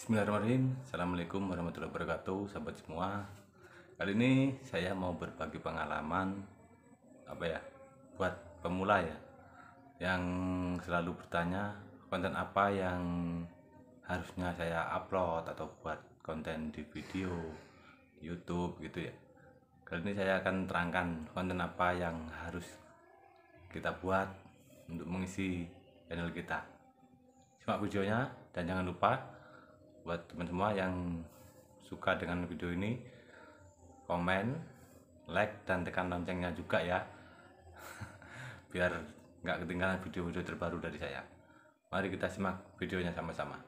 Bismillahirrahmanirrahim Assalamualaikum warahmatullahi wabarakatuh Sahabat semua Kali ini saya mau berbagi pengalaman Apa ya Buat pemula ya Yang selalu bertanya Konten apa yang Harusnya saya upload atau buat konten di video Youtube gitu ya Kali ini saya akan terangkan konten apa yang harus Kita buat Untuk mengisi channel kita Simak videonya dan jangan lupa buat teman semua yang suka dengan video ini komen like dan tekan loncengnya juga ya biar nggak ketinggalan video-video terbaru dari saya mari kita simak videonya sama-sama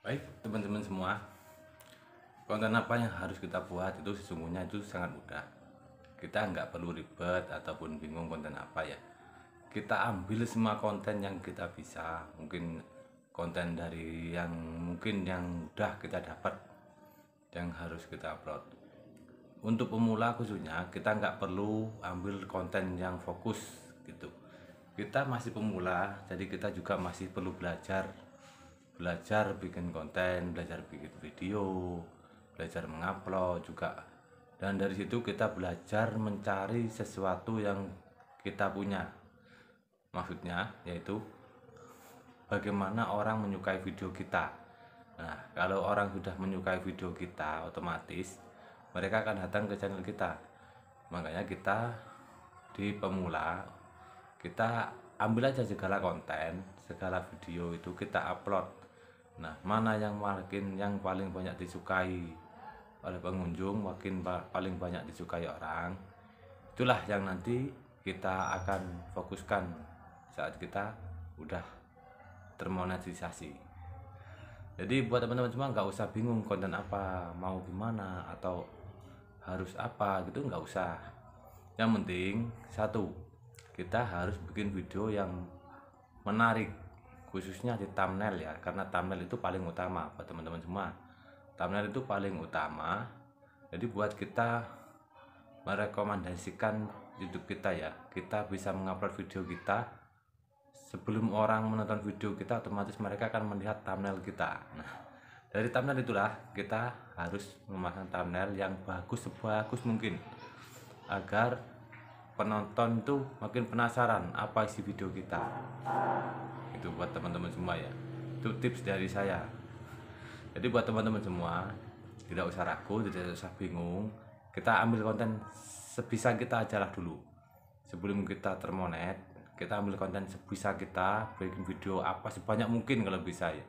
baik teman-teman semua konten apa yang harus kita buat itu sesungguhnya itu sangat mudah kita nggak perlu ribet ataupun bingung konten apa ya kita ambil semua konten yang kita bisa mungkin konten dari yang mungkin yang udah kita dapat yang harus kita upload untuk pemula khususnya kita nggak perlu ambil konten yang fokus gitu kita masih pemula jadi kita juga masih perlu belajar belajar bikin konten belajar bikin video belajar mengupload juga dan dari situ kita belajar mencari sesuatu yang kita punya maksudnya yaitu bagaimana orang menyukai video kita. Nah, kalau orang sudah menyukai video kita, otomatis mereka akan datang ke channel kita. Makanya kita di pemula kita ambil aja segala konten, segala video itu kita upload. Nah, mana yang makin yang paling banyak disukai oleh pengunjung, makin paling banyak disukai orang, itulah yang nanti kita akan fokuskan saat kita udah termonetisasi jadi buat teman-teman semua nggak usah bingung konten apa mau gimana atau harus apa gitu nggak usah yang penting satu kita harus bikin video yang menarik khususnya di thumbnail ya karena thumbnail itu paling utama buat teman-teman semua thumbnail itu paling utama jadi buat kita merekomendasikan YouTube kita ya kita bisa mengupload video kita sebelum orang menonton video kita otomatis mereka akan melihat thumbnail kita nah dari thumbnail itulah kita harus memasang thumbnail yang bagus sebagus mungkin agar penonton itu makin penasaran apa isi video kita itu buat teman-teman semua ya itu tips dari saya jadi buat teman-teman semua tidak usah ragu tidak usah bingung kita ambil konten sebisa kita ajalah dulu sebelum kita termonet kita ambil konten sebisa kita bikin video apa sebanyak mungkin kalau bisa ya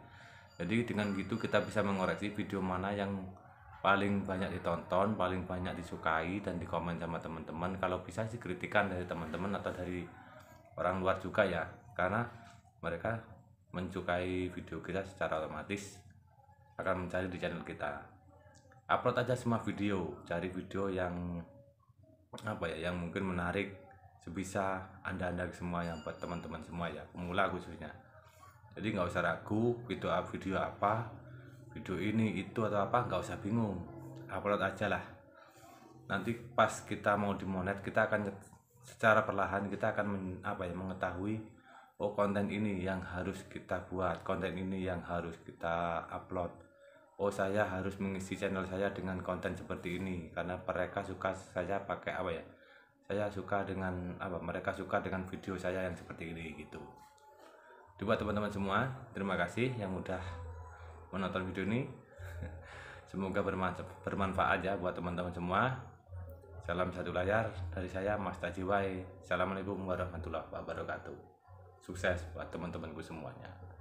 jadi dengan gitu kita bisa mengoreksi video mana yang paling banyak ditonton paling banyak disukai dan dikomen sama teman-teman kalau bisa sih kritikan dari teman-teman atau dari orang luar juga ya karena mereka mencukai video kita secara otomatis akan mencari di channel kita upload aja semua video cari video yang apa ya yang mungkin menarik sebisa anda-anda semua yang buat teman-teman semua ya pemula khususnya jadi nggak usah ragu video video apa video ini itu atau apa nggak usah bingung upload aja lah nanti pas kita mau dimonet kita akan secara perlahan kita akan men, apa ya mengetahui oh konten ini yang harus kita buat konten ini yang harus kita upload oh saya harus mengisi channel saya dengan konten seperti ini karena mereka suka saya pakai apa ya saya suka dengan apa mereka suka dengan video saya yang seperti ini gitu Coba teman-teman semua terima kasih yang udah menonton video ini semoga bermanfaat, bermanfaat ya buat teman-teman semua salam satu layar dari saya Mas Tajiwai assalamualaikum warahmatullahi wabarakatuh sukses buat teman-temanku semuanya